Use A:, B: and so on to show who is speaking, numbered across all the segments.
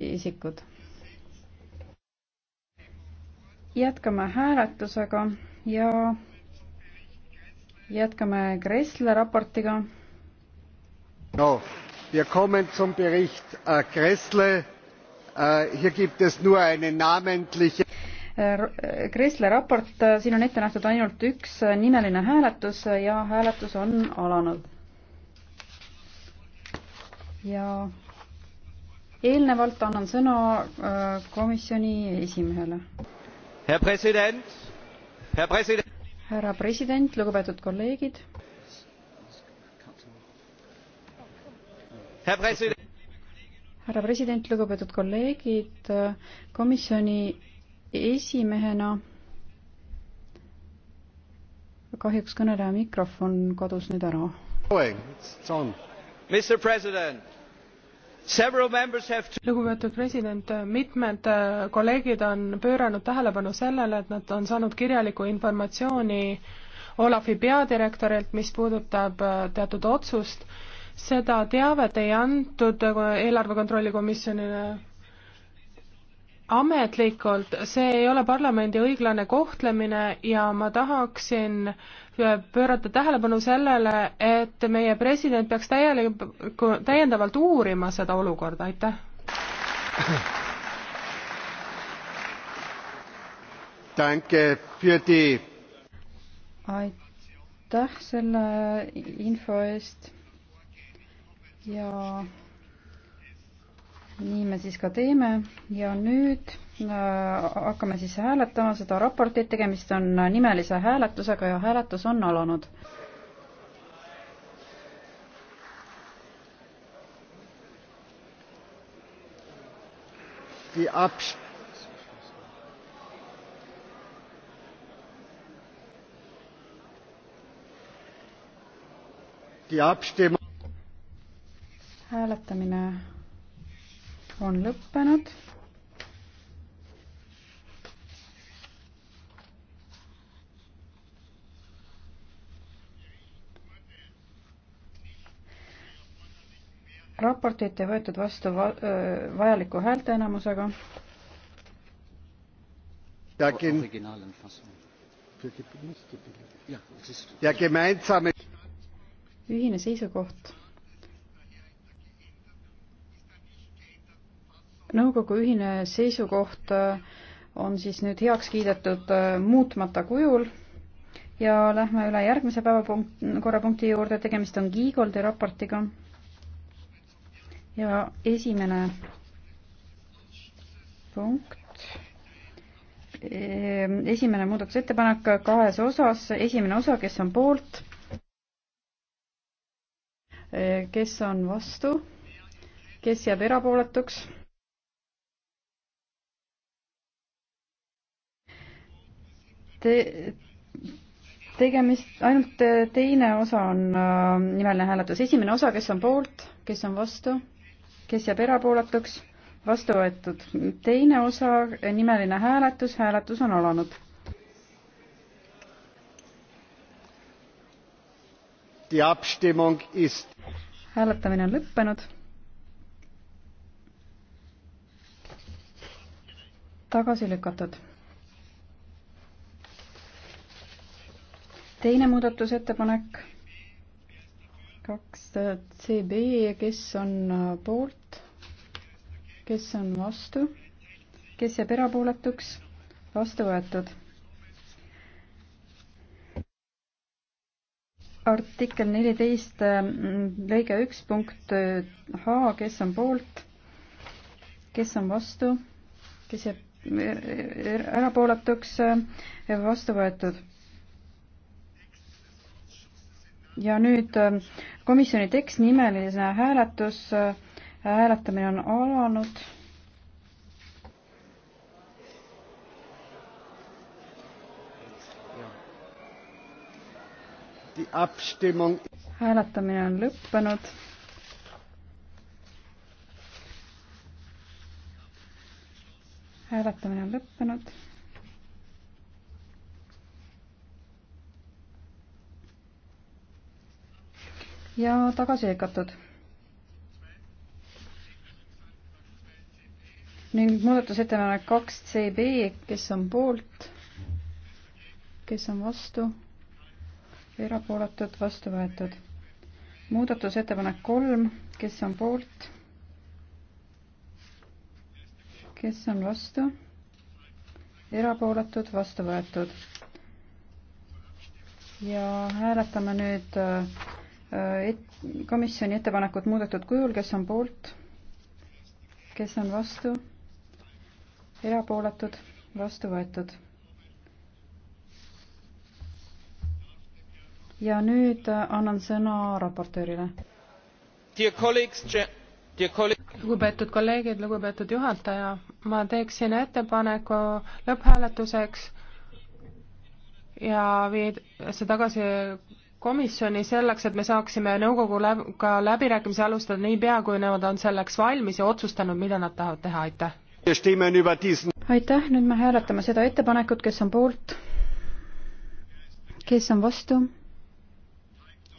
A: isikud. jätkame hääletusega ja jätkame Gressle raportiga.
B: no, wir kommen zum Bericht äh, Gressle äh,. Hier gibt es nur eine namentliche Gressle äh, äh, raport,
A: äh, siin on ette nähtud ainult üks nimeline hääletus ja hääletus on alanud. ja eelnevalt annan sõna äh, komisjoni esimehele.
B: härra president, härra president.
A: härra president, lugupeetud kolleegid. härra president härra president, lugupeetud kolleegid, komisjoni esimehena kahjuks kõneleja mikrofon kadus nüüd ära.
B: Mr President lugupeetud
A: president, mitmed äh, kolleegid on pööranud tähelepanu sellele, et nad on saanud kirjalikku informatsiooni Olavi peadirektorilt, mis puudutab äh, teatud otsust. seda teavet ei antud äh, eelarve kontrolli komisjonile ametlikult, see ei ole parlamendi õiglane kohtlemine ja ma tahaksin pöörata tähelepanu sellele, et meie president peaks täieliku, täiendavalt uurima seda olukorda, aitäh. aitäh selle info eest ja nii me siis ka teeme ja nüüd äh, hakkame siis hääletama seda raportit, tegemist on nimelise hääletusega ja hääletus on alanud.
B: Die Abst- Die Abstimmung.
A: Hääletamine on lõppenud. raportit ei võetud vastu va vajaliku häälteenamusega. ühine seisukoht nõukogu ühine seisukoht äh, on siis nüüd heaks kiidetud äh, muutmata kujul ja lähme üle järgmise päevapunkt, korrapunkti juurde, tegemist on Kiigoldi raportiga. ja esimene punkt, äh, esimene muudatusettepanek kahes osas, esimene osa, kes on poolt, kes on vastu, kes jääb erapooletuks Te, tegemist, ainult äh, teine osa on äh, nimeline hääletus. esimene osa, kes on poolt, kes on vastu, kes jääb erapooletuks, vastu võetud. teine osa, äh, nimeline hääletus, hääletus on alanud. hääletamine on lõppenud. tagasi lükatud teine muudatusettepanek, kaks äh, CB, kes on äh, poolt, kes on vastu, kes jääb erapooletuks, vastu võetud. artikkel neliteist äh, lõige üks punkt H, kes on poolt, kes on vastu, kes jääb erapooletuks, vastu võetud ja nüüd äh, komisjoni tekst nimeline hääletus. Äh, hääletamine on alanud. hääletamine on lõppenud. hääletamine on lõppenud. ja tagasi lükatud. ning muudatusettepanek kaks CB, kes on poolt, kes on vastu, erapooletud, vastu võetud. muudatusettepanek kolm, kes on poolt, kes on vastu, erapooletud, vastu võetud. ja hääletame nüüd äh, Äh, et, komisjoni ettepanekut muudetud kujul, kes on poolt, kes on vastu, erapooletud, vastu võetud. ja nüüd äh, annan sõna raportöörile. lugupeetud kolleegid, lugupeetud juhataja, ma teeksin ettepaneku lõpphääletuseks ja viid-, see tagasi komisjoni selleks, et me saaksime nõukoguga läb, läbirääkimisi alustada niipea, kui nemad on selleks valmis ja otsustanud, mida nad tahavad teha,
B: aitäh.
A: aitäh, nüüd me hääletame seda ettepanekut, kes on poolt, kes on vastu,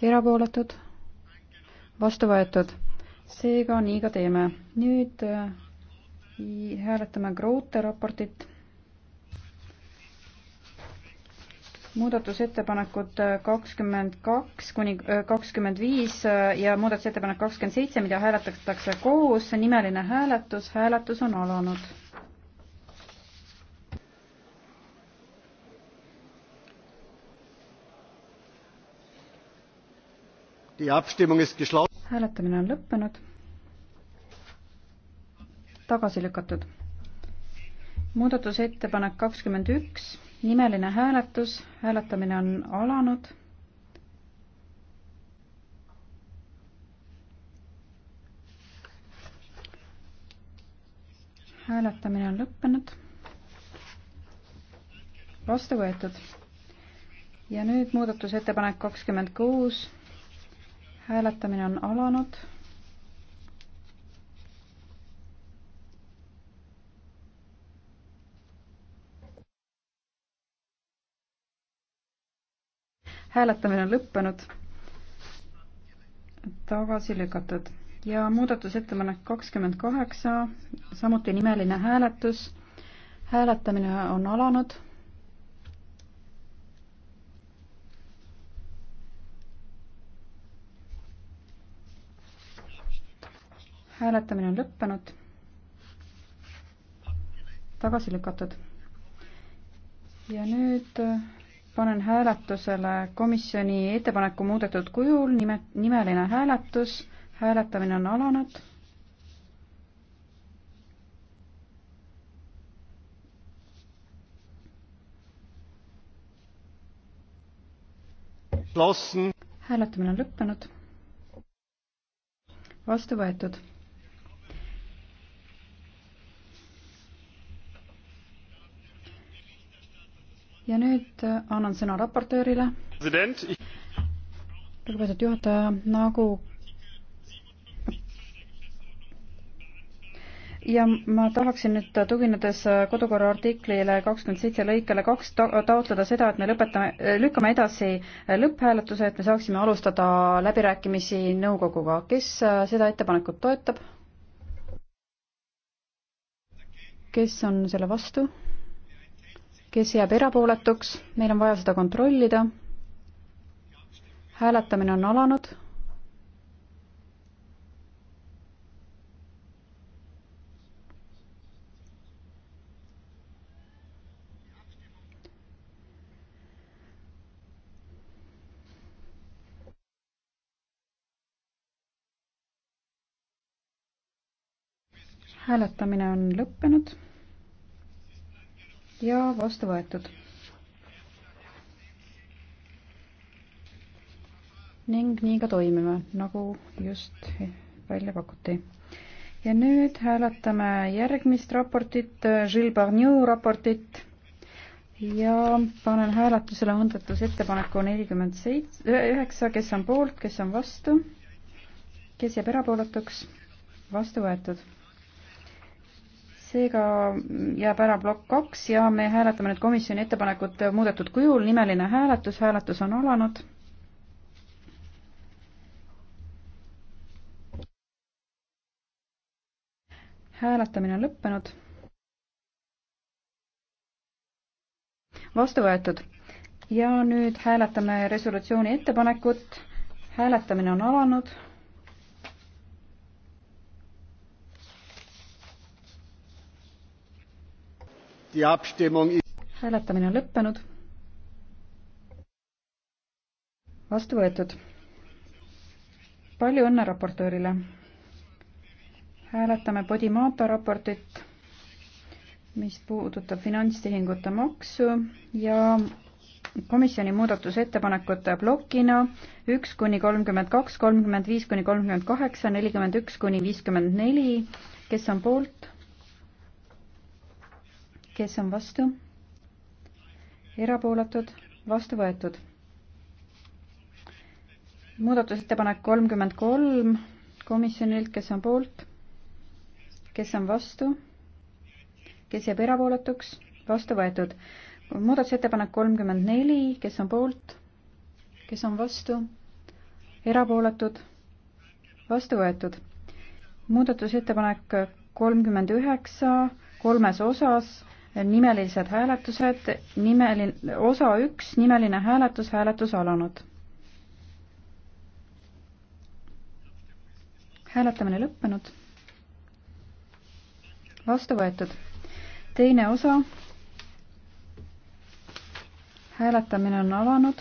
A: erapooletud, vastu võetud. seega nii ka teeme. nüüd äh, hääletame Groote raportit muudatusettepanekud äh, kakskümmend kaks kuni äh, kakskümmend viis äh, ja muudatusettepanek kakskümmend seitse, mida hääletatakse koos, nimeline hääletus, hääletus on alanud. hääletamine on lõppenud. tagasi lükatud. muudatusettepanek kakskümmend üks nimeline hääletus, hääletamine on alanud. hääletamine on lõppenud. vastu võetud. ja nüüd muudatusettepanek kakskümmend kuus. hääletamine on alanud hääletamine on lõppenud, tagasi lükatud ja muudatusettepanek kakskümmend kaheksa, samuti nimeline hääletus. hääletamine on alanud. hääletamine on lõppenud, tagasi lükatud. ja nüüd panen hääletusele komisjoni ettepaneku muudetud kujul, nime, nimeline hääletus, hääletamine on alanud. hääletamine on lõppenud. vastu võetud ja nüüd äh, annan sõna raportöörile. lugupeetud juhataja, nagu ja ma tahaksin nüüd tuginedes äh, kodukorra artiklile kakskümmend seitse lõikele kaks taotleda seda, et me lõpetame, lükkame edasi äh, lõpphääletuse, et me saaksime alustada läbirääkimisi nõukoguga. kes seda ettepanekut toetab? kes on selle vastu? kes jääb erapooletuks, meil on vaja seda kontrollida. hääletamine on alanud. hääletamine on lõppenud ja vastu võetud. ning nii ka toimime, nagu just välja pakuti. ja nüüd hääletame järgmist raportit, Gilles Barnier raportit ja panen hääletusele muudatusettepaneku nelikümmend seitse, üheksa, kes on poolt, kes on vastu, kes jääb erapooletuks, vastu võetud seega jääb ära plokk kaks ja me hääletame nüüd komisjoni ettepanekut muudetud kujul, nimeline hääletus, hääletus on alanud. hääletamine on lõppenud. vastu võetud ja nüüd hääletame resolutsiooni ettepanekut. hääletamine on alanud hääletamine on lõppenud. vastu võetud. palju õnne raportöörile. hääletame Podimata raportit, mis puudutab finantstehingute maksu ja komisjoni muudatusettepanekute plokina üks kuni kolmkümmend kaks, kolmkümmend viis kuni kolmkümmend kaheksa, nelikümmend üks kuni viiskümmend neli, kes on poolt kes on vastu? erapooletud, vastu võetud. muudatusettepanek kolmkümmend kolm komisjonilt, kes on poolt, kes on vastu, kes jääb erapooletuks, vastu võetud. muudatusettepanek kolmkümmend neli, kes on poolt, kes on vastu, erapooletud, vastu võetud. muudatusettepanek kolmkümmend üheksa kolmes osas nimelised hääletused, nimeline, osa üks, nimeline hääletus, hääletus alanud. hääletamine lõppenud. vastu võetud. teine osa. hääletamine on alanud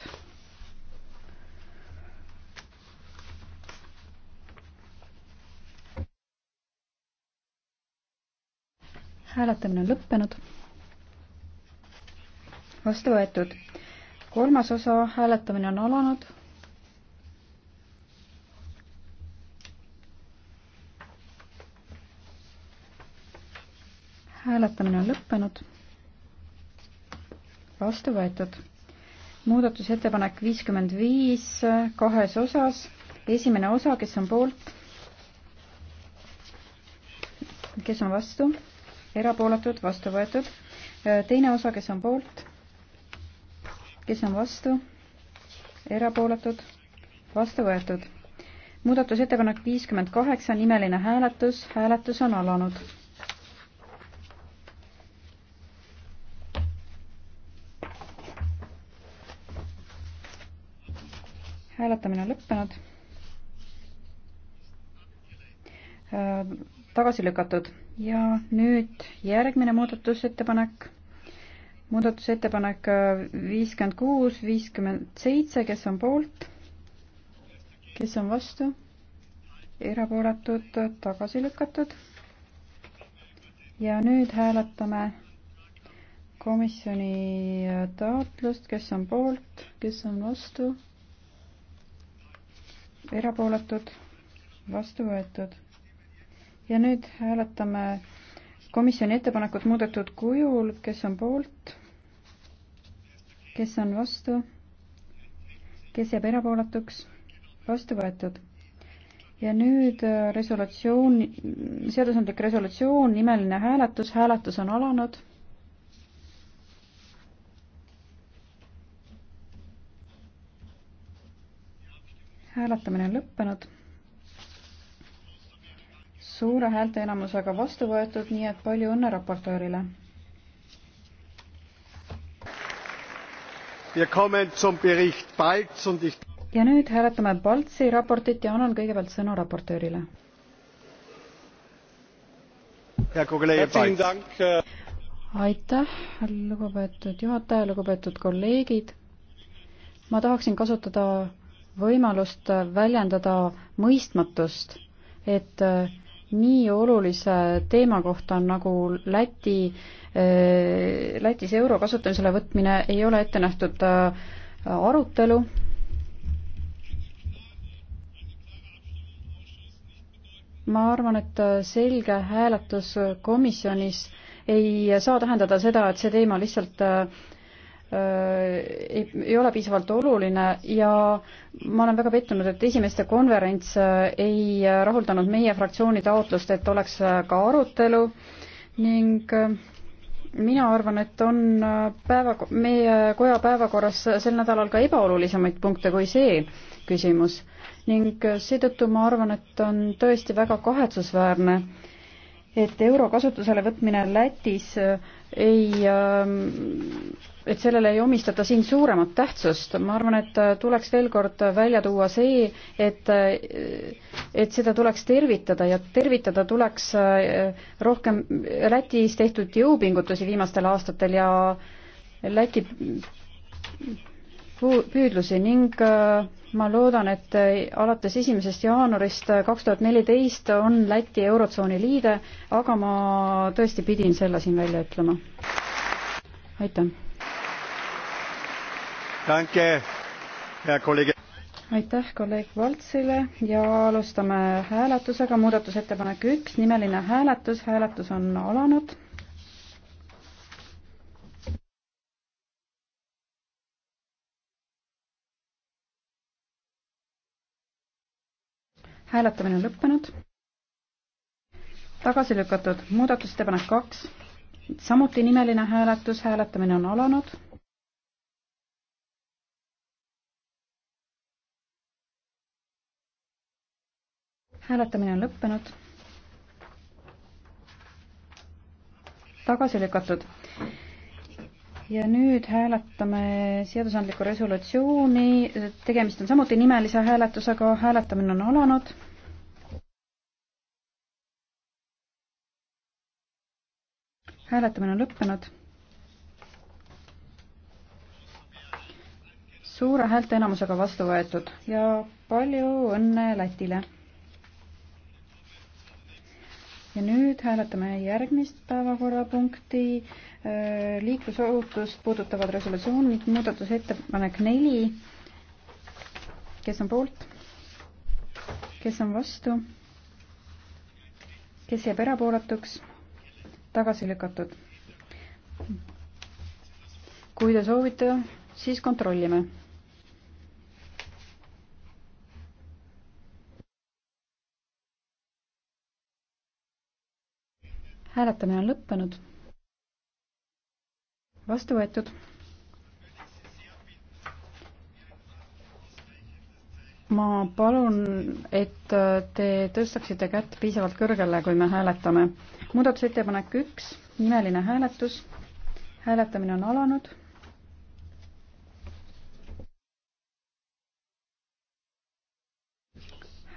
A: hääletamine on lõppenud vastu võetud. kolmas osa, hääletamine on alanud. hääletamine on lõppenud. vastu võetud. muudatusettepanek viiskümmend viis kahes osas. esimene osa, kes on poolt? kes on vastu? erapooletud, vastu võetud. teine osa, kes on poolt? kes on vastu, erapooletud, vastu võetud. muudatusettepanek viiskümmend kaheksa, nimeline hääletus, hääletus on alanud. hääletamine on lõppenud äh, tagasi lükatud ja nüüd järgmine muudatusettepanek muudatusettepanek äh, viiskümmend kuus, viiskümmend seitse, kes on poolt, kes on vastu, erapooletud, tagasi lükatud. ja nüüd hääletame komisjoni äh, taotlust, kes on poolt, kes on vastu, erapooletud, vastu võetud. ja nüüd hääletame komisjoni ettepanekut muudetud kujul, kes on poolt, kes on vastu, kes jääb erapooletuks, vastu võetud. ja nüüd äh, resolutsioon, seadusandlik resolutsioon, nimeline hääletus, hääletus on alanud. hääletamine on lõppenud suure häälteenamusega vastu võetud, nii et palju õnne raportöörile. ja nüüd hääletame Baltsi raportit ja annan kõigepealt sõna raportöörile.
B: Äh-
A: aitäh, lugupeetud juhataja, lugupeetud kolleegid. ma tahaksin kasutada võimalust väljendada mõistmatust, et äh, nii olulise teema kohta nagu Läti, eh, Lätis euro kasutamisele võtmine ei ole ette nähtud äh, arutelu. ma arvan, et äh, selge hääletus komisjonis ei saa tähendada seda, et see teema lihtsalt äh, Äh, ei, ei ole piisavalt oluline ja ma olen väga pettunud, et esimeste konverents äh, ei äh, rahuldanud meie fraktsiooni taotlust, et oleks ka arutelu ning mina arvan, et on päeva, meie koja päevakorras sel nädalal ka ebaolulisemaid punkte kui see küsimus ning seetõttu ma arvan, et on tõesti väga kahetsusväärne, et euro kasutusele võtmine Lätis ei äh, et sellele ei omistata siin suuremat tähtsust, ma arvan, et äh, tuleks veel kord äh, välja tuua see, et, äh, et seda tuleks tervitada ja tervitada tuleks rohkem Lätis tehtud jõupingutusi viimastel aastatel ja Läti püüdlusi ning ma loodan, et alates esimesest jaanuarist kaks tuhat neliteist on Läti Eurotsooni liide, aga ma tõesti pidin selle siin välja ütlema. aitäh! aitäh kolleeg Valtsile ja alustame hääletusega, muudatusettepanek üks, nimeline hääletus, hääletus on alanud hääletamine on lõppenud. tagasi lükatud muudatusettepanek kaks, samuti nimeline hääletus, hääletamine on alanud hääletamine on lõppenud. tagasi lükatud. ja nüüd hääletame seadusandlikku resolutsiooni, tegemist on samuti nimelise hääletusega, hääletamine on alanud. hääletamine on lõppenud. suure häälteenamusega vastu võetud ja palju õnne Lätile ja nüüd hääletame järgmist päevakorrapunkti, äh, liiklusohutust puudutavad resolutsioonid, muudatusettepanek neli. kes on poolt? kes on vastu? kes jääb erapooletuks? tagasi lükatud. kui te soovite, siis kontrollime hääletamine on lõppenud. vastu võetud. ma palun, et te tõstaksite kätt piisavalt kõrgele, kui me hääletame. muudatusettepanek üks, nimeline hääletus. hääletamine on alanud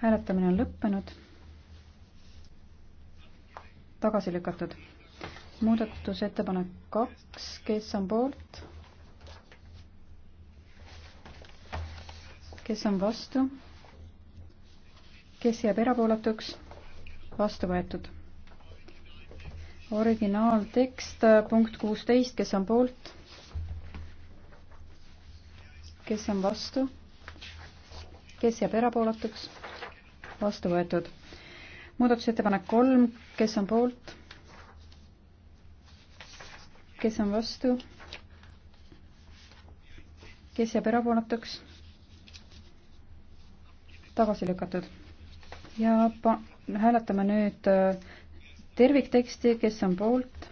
A: hääletamine on lõppenud tagasi lükatud. muudatusettepanek kaks, kes on poolt? kes on vastu? kes jääb erapooletuks? vastu võetud. originaaltekst punkt kuusteist, kes on poolt? kes on vastu? kes jääb erapooletuks? vastu võetud muudatusettepanek kolm, kes on poolt? kes on vastu? kes jääb erapooletuks? tagasi lükatud. ja pa-, hääletame nüüd äh, tervikteksti, kes on poolt?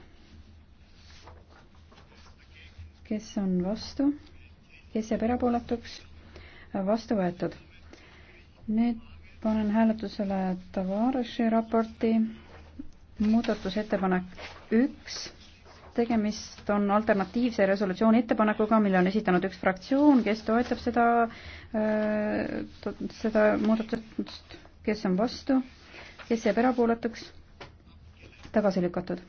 A: kes on vastu? kes jääb erapooletuks? vastu võetud. nüüd panen hääletusele Tavarši raporti muudatusettepanek üks. tegemist on alternatiivse resolutsiooni ettepanekuga, mille on esitanud üks fraktsioon, kes toetab seda, äh, seda muudatust, kes on vastu, kes jääb erapooletuks, tagasi lükatud.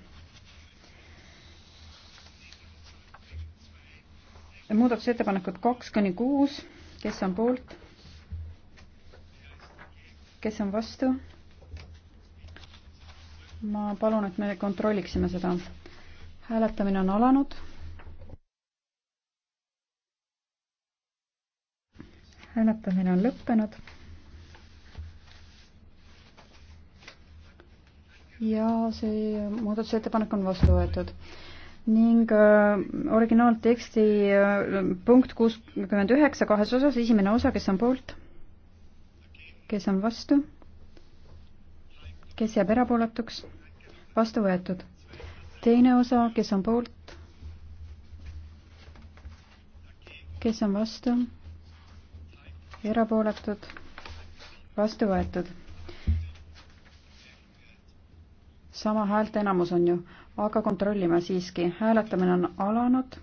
A: muudatusettepanekud kaks kuni kuus, kes on poolt kes on vastu? ma palun, et me kontrolliksime seda. hääletamine on alanud. hääletamine on lõppenud. ja see muudatusettepanek on vastu võetud ning äh, originaalteksti äh, punkt kuuskümmend üheksa kahes osas, esimene osa, kes on poolt kes on vastu? kes jääb erapooletuks? vastu võetud. teine osa, kes on poolt? kes on vastu? erapooletud? vastu võetud. sama häälte enamus on ju, aga kontrollime siiski, hääletamine on alanud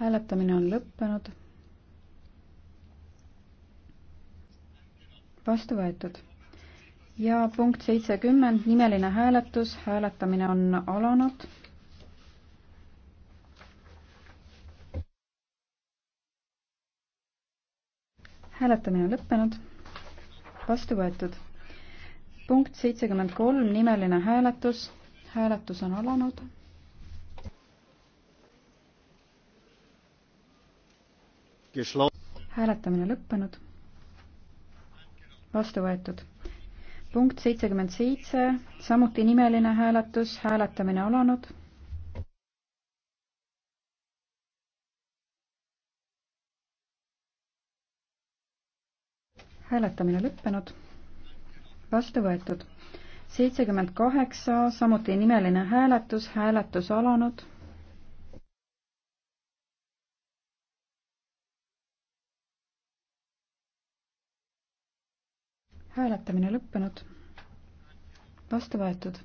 A: hääletamine on lõppenud. vastu võetud. ja punkt seitsekümmend, nimeline hääletus, hääletamine on alanud. hääletamine on lõppenud. vastu võetud. punkt seitsekümmend kolm, nimeline hääletus, hääletus on alanud hääletamine lõppenud. vastu võetud. punkt seitsekümmend seitse, samuti nimeline hääletus, hääletamine alanud hääletamine lõppenud. vastu võetud. seitsekümmend kaheksa, samuti nimeline hääletus, hääletus alanud hääletamine lõppenud. vastu võetud.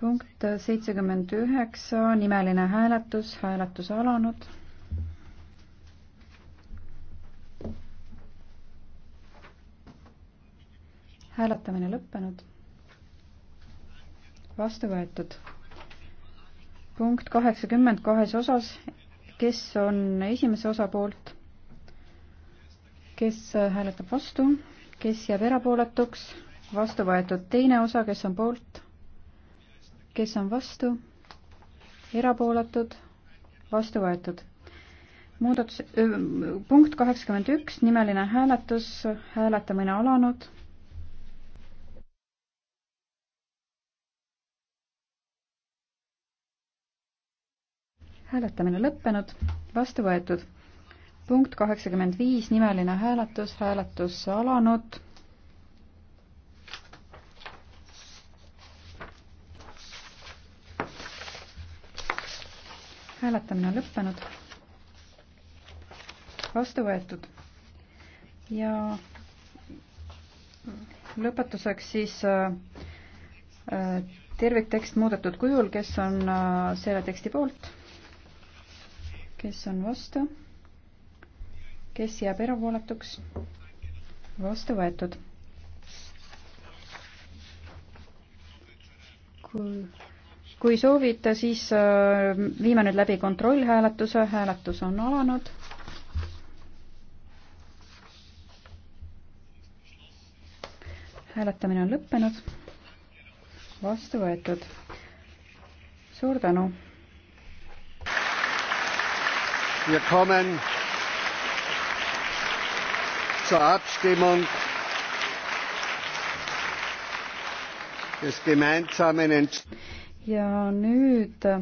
A: punkt seitsekümmend üheksa, nimeline hääletus, hääletus alanud. hääletamine lõppenud. vastu võetud. punkt kaheksakümmend kahes osas, kes on esimese osa poolt, kes hääletab vastu, kes jääb erapooletuks, vastu võetud teine osa, kes on poolt, kes on vastu, erapooletud, vastu võetud. muudatus, punkt kaheksakümmend üks, nimeline hääletus, hääletamine alanud. hääletamine lõppenud, vastu võetud punkt kaheksakümmend viis, nimeline hääletus, hääletus alanud. hääletamine on lõppenud. vastu võetud. ja lõpetuseks siis äh, äh, terviktekst muudetud kujul, kes on äh, selle teksti poolt, kes on vastu kes jääb erapooletuks? vastu võetud. kui, kui soovite, siis äh, viime nüüd läbi kontrollhääletuse, hääletus on alanud. hääletamine on lõppenud. vastu võetud. suur
B: tänu. Wir kommen zur abstimmung des gemeinsamen ja nüüd
A: äh,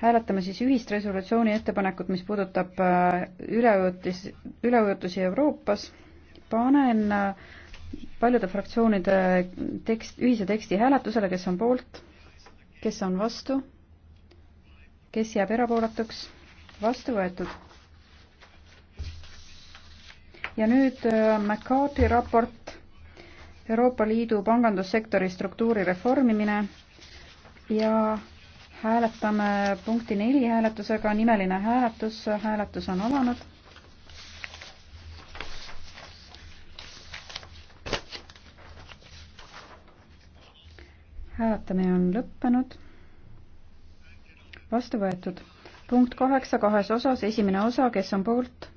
A: hääletame siis ühist resolutsiooni ettepanekut, mis puudutab äh, üleujutis, üleujutusi Euroopas. panen äh, paljude fraktsioonide tekst, ühise teksti hääletusele, kes on poolt, kes on vastu, kes jääb erapooletuks, vastu võetud ja nüüd äh, McCarthy raport Euroopa Liidu pangandussektori struktuuri reformimine ja hääletame punkti neli hääletusega, nimeline hääletus, hääletus on alanud. hääletamine on lõppenud. vastu võetud. punkt kaheksa kahes osas, esimene osa, kes on poolt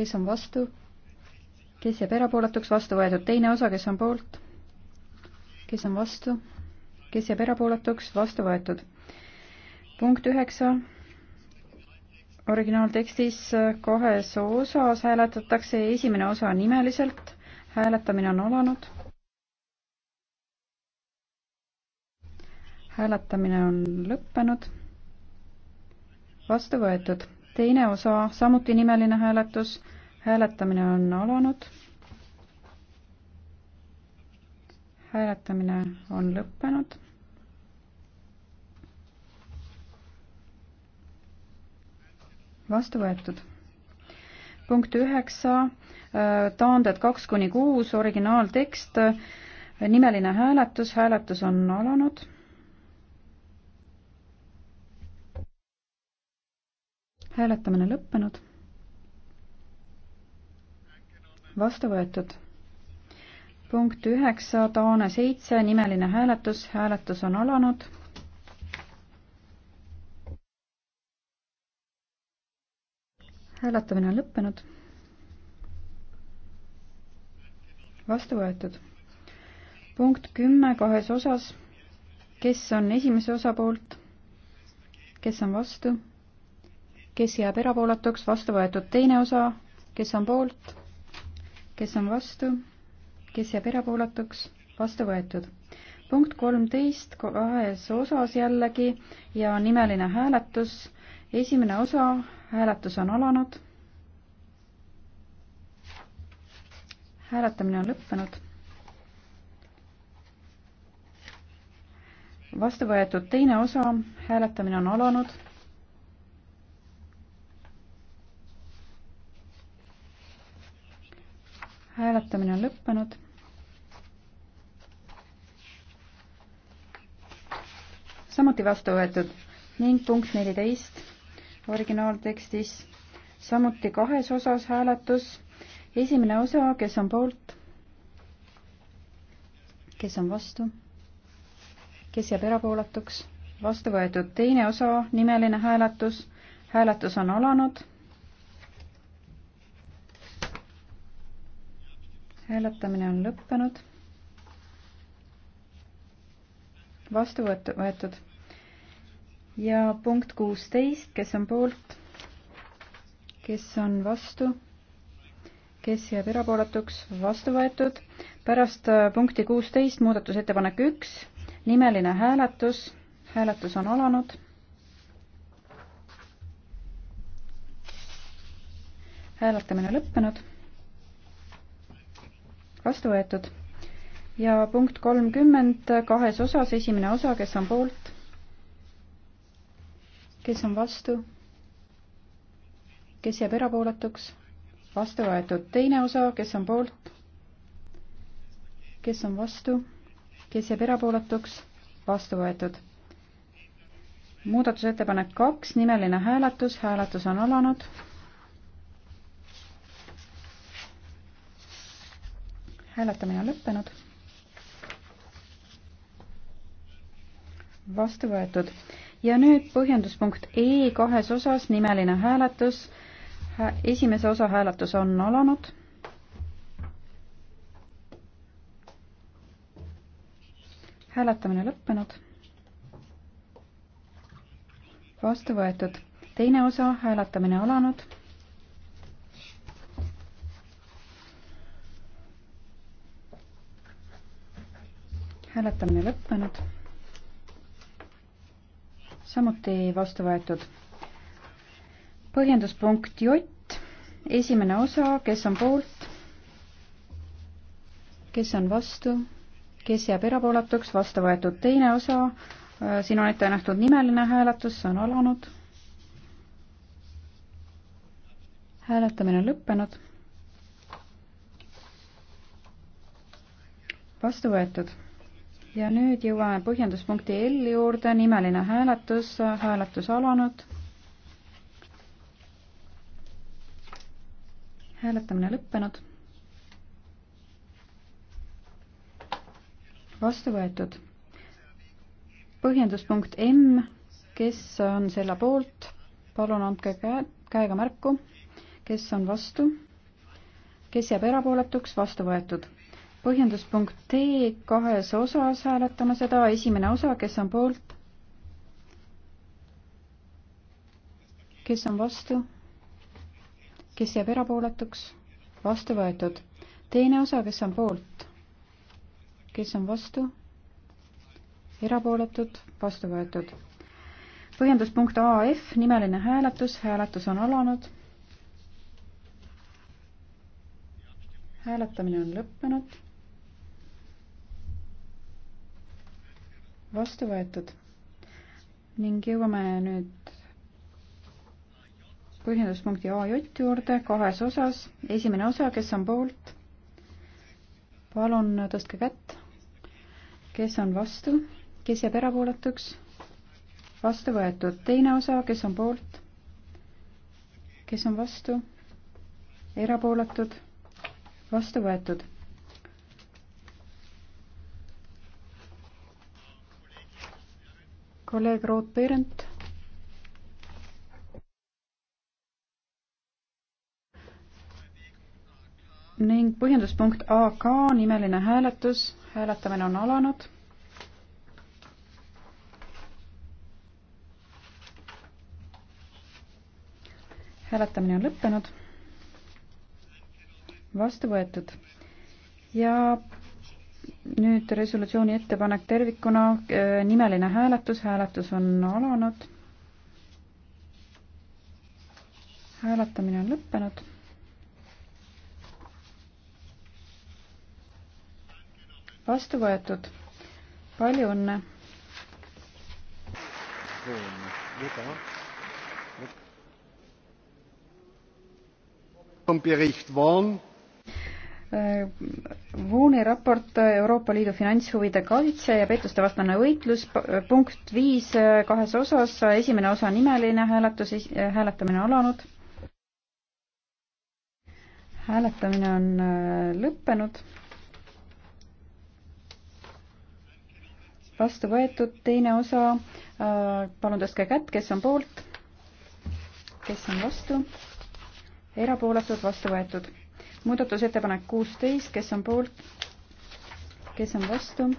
A: kes on vastu, kes jääb erapooletuks, vastu võetud, teine osa, kes on poolt, kes on vastu, kes jääb erapooletuks, vastu võetud. punkt üheksa, originaaltekstis kahes osas hääletatakse esimene osa nimeliselt, hääletamine on alanud. hääletamine on lõppenud, vastu võetud teine osa, samuti nimeline hääletus. hääletamine on alanud. hääletamine on lõppenud. vastu võetud. punkt üheksa, äh, taanded kaks kuni kuus, originaaltekst, äh, nimeline hääletus, hääletus on alanud hääletamine lõppenud. vastu võetud. punkt üheksa, Taane seitse, nimeline hääletus, hääletus on alanud. hääletamine on lõppenud. vastu võetud. punkt kümme kahes osas. kes on esimese osa poolt? kes on vastu? kes jääb erapooletuks, vastu võetud teine osa, kes on poolt, kes on vastu, kes jääb erapooletuks, vastu võetud. punkt kolmteist kahes osas jällegi ja nimeline hääletus. esimene osa, hääletus on alanud. hääletamine on lõppenud. vastu võetud teine osa, hääletamine on alanud hääletamine on lõppenud. samuti vastu võetud ning punkt neliteist originaaltekstis samuti kahes osas hääletus. esimene osa, kes on poolt, kes on vastu, kes jääb erapooletuks, vastu võetud. teine osa, nimeline hääletus, hääletus on alanud hääletamine on lõppenud. vastu võetud. ja punkt kuusteist, kes on poolt, kes on vastu, kes jääb erapooletuks, vastu võetud. pärast äh, punkti kuusteist muudatusettepanek üks, nimeline hääletus, hääletus on alanud. hääletamine lõppenud vastu võetud. ja punkt kolmkümmend kahes osas, esimene osa, kes on poolt? kes on vastu? kes jääb erapooletuks? vastu võetud. teine osa, kes on poolt? kes on vastu? kes jääb erapooletuks? vastu võetud. muudatusettepanek kaks, nimeline hääletus, hääletus on alanud hääletamine on lõppenud. vastu võetud ja nüüd põhjenduspunkt E kahes osas nimeline hääletus. esimese osa hääletus on alanud. hääletamine lõppenud. vastu võetud, teine osa hääletamine alanud hääletamine lõppenud. samuti vastu võetud. põhjenduspunkt J, esimene osa, kes on poolt, kes on vastu, kes jääb erapooletuks, vastu võetud teine osa, äh, siin on ette nähtud nimeline hääletus, see on alanud. hääletamine on lõppenud vastu võetud ja nüüd jõuame põhjenduspunkti L juurde, nimeline hääletus, hääletus alanud. hääletamine lõppenud. vastu võetud. põhjenduspunkt M, kes on selle poolt, palun andke käe, käega märku, kes on vastu, kes jääb erapooletuks, vastu võetud põhjenduspunkt D kahes osas hääletame seda, esimene osa, kes on poolt? kes on vastu? kes jääb erapooletuks? vastu võetud. teine osa, kes on poolt? kes on vastu? erapooletud, vastu võetud. põhjenduspunkt AF, nimeline hääletus, hääletus on alanud. hääletamine on lõppenud vastu võetud. ning jõuame nüüd põhjenduspunkti AJ juurde kahes osas. esimene osa, kes on poolt, palun tõstke kätt. kes on vastu, kes jääb erapooletuks? vastu võetud. teine osa, kes on poolt, kes on vastu, erapooletud, vastu võetud kolleeg Ruut Pirent. ning põhjenduspunkt AK nimeline hääletus, hääletamine on alanud. hääletamine on lõppenud. vastu võetud ja nüüd resolutsiooni ettepanek tervikuna, äh, nimeline hääletus, hääletus on alanud. hääletamine on lõppenud. vastu võetud. palju õnne.
B: bericht vorn
A: Vooni raport Euroopa Liidu finantshuvide kaitse ja pettuste vastane võitlus, punkt viis kahes osas, esimene osa nimeline hääletus, hääletamine alanud. hääletamine on äh, lõppenud. vastu võetud, teine osa, äh, palun tõstke kätt, kes on poolt, kes on vastu, erapooletud, vastu võetud muudatusettepanek kuusteist, kes on poolt, kes on vastu,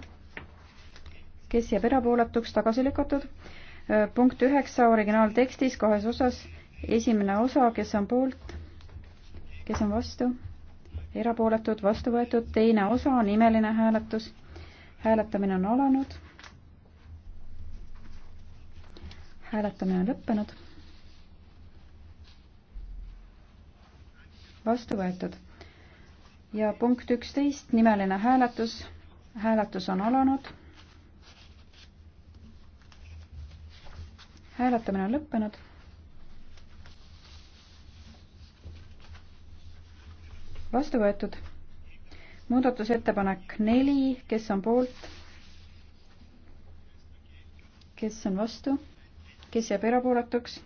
A: kes jääb erapooletuks, tagasi lükatud. Äh, punkt üheksa originaaltekstis kahes osas, esimene osa, kes on poolt, kes on vastu, erapooletud, vastu võetud, teine osa, nimeline hääletus. hääletamine on alanud. hääletamine on lõppenud. vastu võetud ja punkt üksteist, nimeline hääletus. hääletus on alanud. hääletamine on lõppenud. vastu võetud. muudatusettepanek neli, kes on poolt? kes on vastu? kes jääb erapooletuks?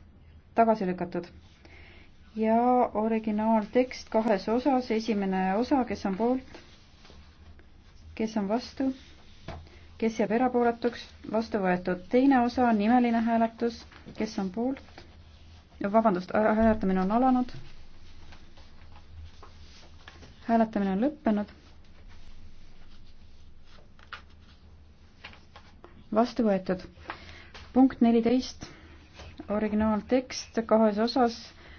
A: tagasi lükatud ja originaaltekst kahes osas, esimene osa, kes on poolt, kes on vastu, kes jääb erapooletuks, vastu võetud, teine osa, nimeline hääletus, kes on poolt, vabandust, äh, hääletamine on alanud, hääletamine on lõppenud, vastu võetud punkt neliteist, originaaltekst kahes osas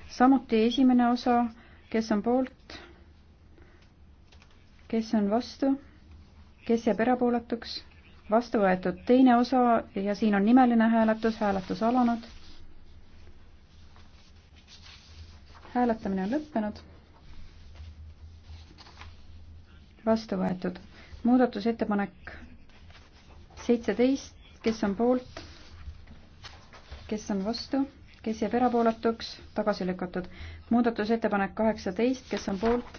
A: samuti esimene osa, kes on poolt, kes on vastu, kes jääb erapooletuks, vastu võetud teine osa ja siin on nimeline hääletus, hääletus alanud. hääletamine on lõppenud. vastu võetud muudatusettepanek seitseteist, kes on poolt, kes on vastu kes jääb erapooletuks, tagasi lükatud. muudatusettepanek kaheksateist, kes on poolt,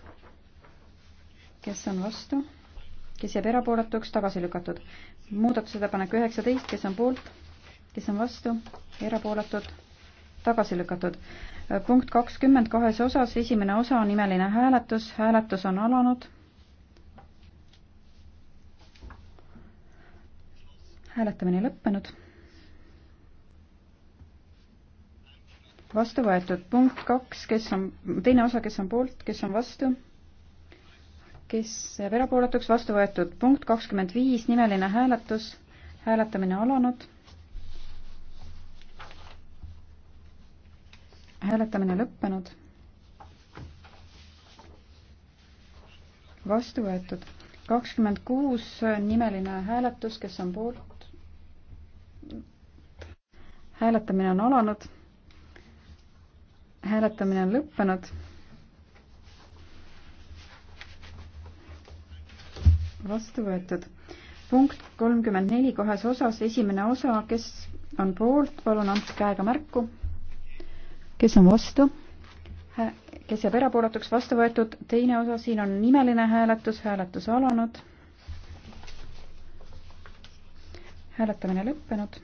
A: kes on vastu, kes jääb erapooletuks, tagasi lükatud. muudatusettepanek üheksateist, kes on poolt, kes on vastu, erapooletud, tagasi lükatud. punkt kakskümmend kahes osas, esimene osa on imeline hääletus, hääletus on alanud. hääletamine lõppenud vastu võetud. punkt kaks, kes on, teine osa, kes on poolt, kes on vastu, kes jääb erapooletuks, vastu võetud. punkt kakskümmend viis, nimeline hääletus, hääletamine alanud. hääletamine lõppenud. vastu võetud. kakskümmend kuus, nimeline hääletus, kes on poolt? hääletamine on alanud hääletamine on lõppenud. vastu võetud. punkt kolmkümmend neli kahes osas, esimene osa, kes on poolt, palun andke käega märku. kes on vastu? kes jääb erapooletuks, vastu võetud. teine osa, siin on nimeline hääletus, hääletus alanud. hääletamine lõppenud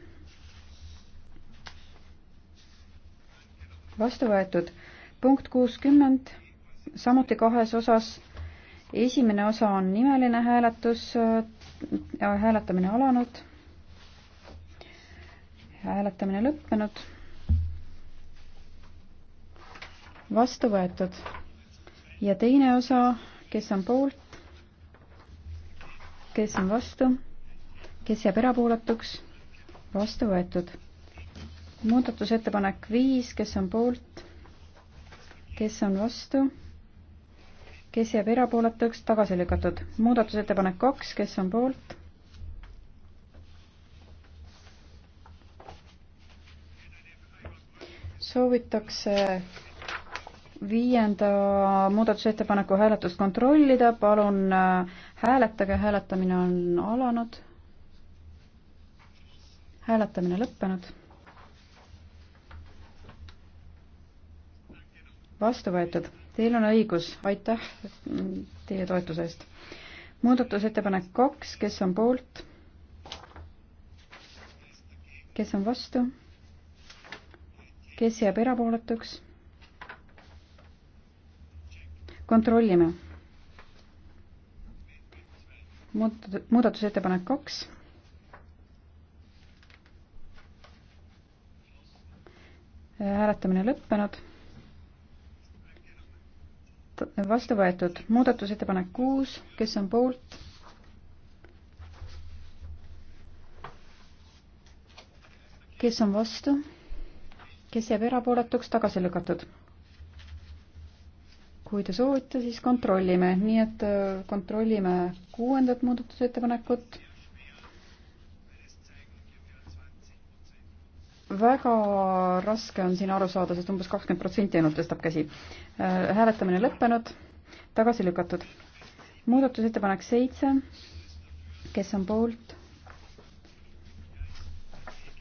A: vastu võetud. punkt kuuskümmend, samuti kahes osas. esimene osa on nimeline hääletus, äh, hääletamine alanud, hääletamine lõppenud, vastu võetud. ja teine osa, kes on poolt, kes on vastu, kes jääb erapooletuks, vastu võetud muudatusettepanek viis, kes on poolt, kes on vastu, kes jääb erapooletuks, tagasi lükatud. muudatusettepanek kaks, kes on poolt soovitakse viienda muudatusettepaneku hääletust kontrollida, palun äh, hääletage, hääletamine on alanud. hääletamine lõppenud vastu võetud. Teil on õigus, aitäh teie toetuse eest. muudatusettepanek kaks, kes on poolt? kes on vastu? kes jääb erapooletuks? kontrollime. muudatusettepanek kaks. hääletamine lõppenud vastu võetud. muudatusettepanek kuus, kes on poolt? kes on vastu? kes jääb erapooletuks, tagasi lükatud? kui te soovite, siis kontrollime, nii et äh, kontrollime kuuendat muudatusettepanekut väga raske on siin aru saada, sest umbes kakskümmend protsenti ainult tõstab käsi. Äh, hääletamine lõppenud, tagasi lükatud. muudatusettepanek seitse, kes on poolt?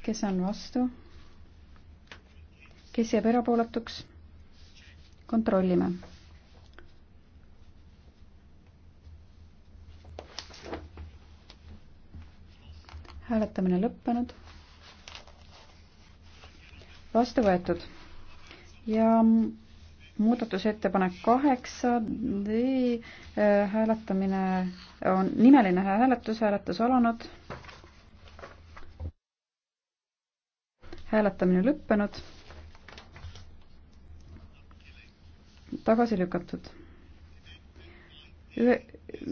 A: kes on vastu? kes jääb erapooletuks? kontrollime hääletamine lõppenud vastu võetud. ja muudatusettepanek kaheksa D äh, hääletamine on nimeline hääletus, hääletus alanud. hääletamine lõppenud. tagasi lükatud. ühe,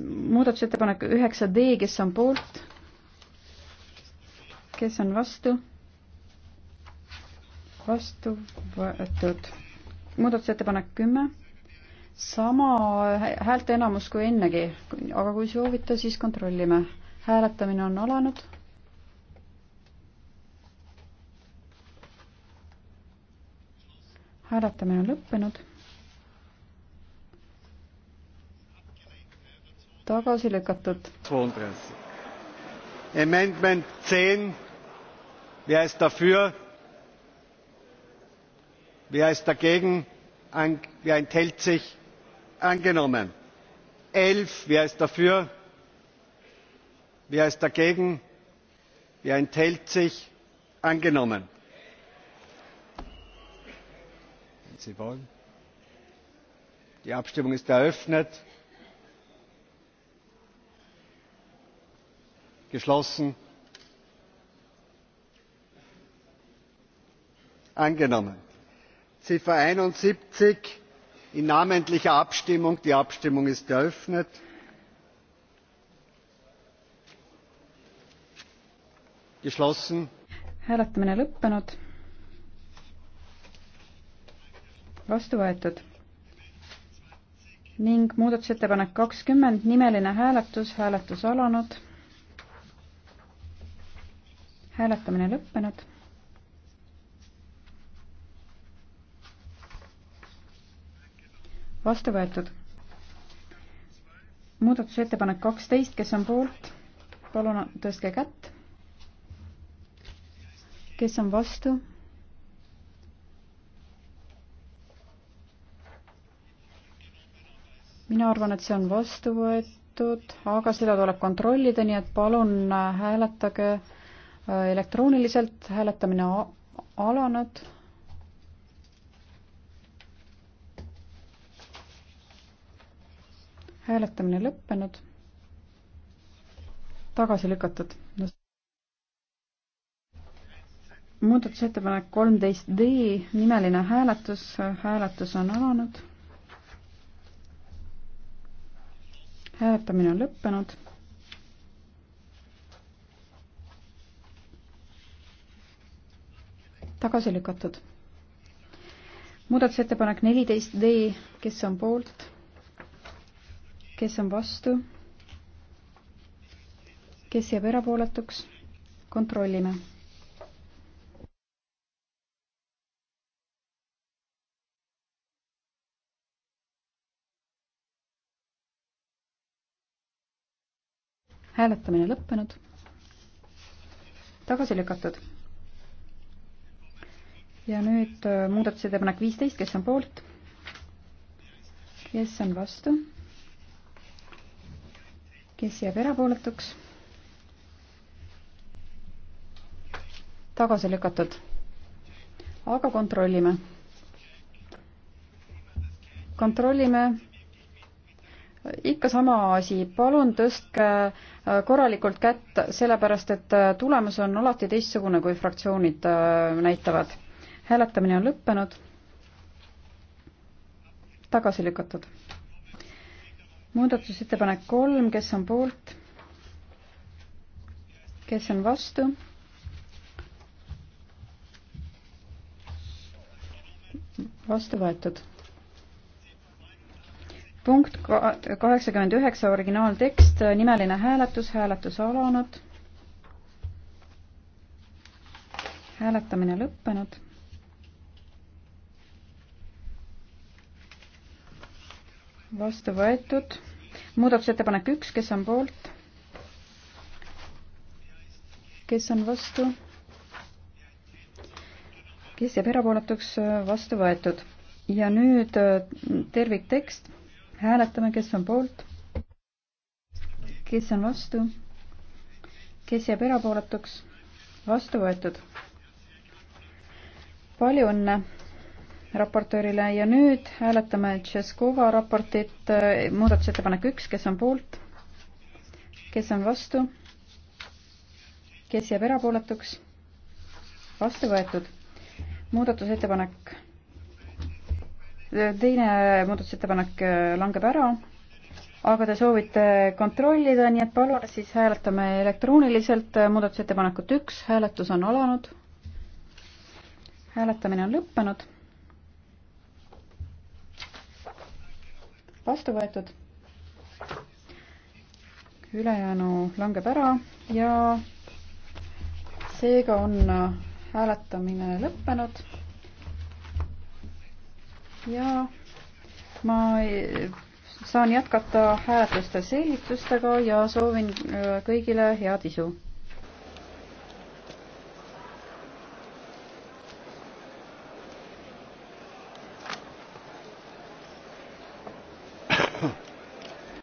A: muudatusettepanek üheksa D, kes on poolt? kes on vastu? vastu võetud. muudatusettepanek kümme, sama häälte enamus kui ennegi, aga kui soovite, siis kontrollime. hääletamine on alanud. hääletamine on lõppenud.
B: tagasi lükatud. Amendment 10. Wer ist dafür? wer ist dagegen? wer enthält sich? angenommen; elf wer ist dafür? wer ist dagegen? wer enthält sich? angenommen; die abstimmung ist eröffnet geschlossen; angenommen; ziffer einundsiebzig in namentlicher abstimmung. die abstimmung ist eröffnet.
A: hääletamine lõppenud. vastu võetud. ning muudatusettepanek kakskümmend, nimeline hääletus, hääletus alanud. hääletamine lõppenud vastu võetud. muudatusettepanek kaksteist, kes on poolt, palun tõstke kätt. kes on vastu? mina arvan, et see on vastu võetud, aga seda tuleb kontrollida, nii et palun hääletage äh, elektrooniliselt, hääletamine alanud hääletamine lõppenud. tagasi lükatud no.. muudatusettepanek kolmteist D, nimeline hääletus, hääletus on alanud. hääletamine on lõppenud. tagasi lükatud. muudatusettepanek neliteist D, kes on poolt? kes on vastu, kes jääb erapooletuks, kontrollime. hääletamine lõppenud, tagasi lükatud. ja nüüd äh, muudatusettepanek viisteist, kes on poolt, kes on vastu kes jääb erapooletuks? tagasi lükatud. aga kontrollime. kontrollime. ikka sama asi, palun tõstke äh, korralikult kätt, sellepärast et äh, tulemus on alati teistsugune, kui fraktsioonid äh, näitavad. hääletamine on lõppenud. tagasi lükatud muudatusettepanek kolm, kes on poolt? kes on vastu? vastu võetud. punkt kaheksakümmend üheksa, originaaltekst, nimeline hääletus, hääletus alanud. hääletamine lõppenud vastu võetud. muudatusettepanek üks, kes on poolt? kes on vastu? kes jääb erapooletuks, vastu võetud. ja nüüd äh, terviktekst. hääletame, kes on poolt? kes on vastu? kes jääb erapooletuks? vastu võetud. palju õnne raportöörile ja nüüd hääletame Tšeskova raportit, äh, muudatusettepanek üks, kes on poolt, kes on vastu, kes jääb erapooletuks, vastu võetud. muudatusettepanek, teine muudatusettepanek äh, langeb ära, aga te soovite kontrollida, nii et palun, siis hääletame elektrooniliselt äh, muudatusettepanekut üks, hääletus on alanud. hääletamine on lõppenud vastu võetud. ülejäänu langeb ära ja seega on hääletamine lõppenud. ja ma saan jätkata hääletuste selgitustega ja soovin kõigile head isu.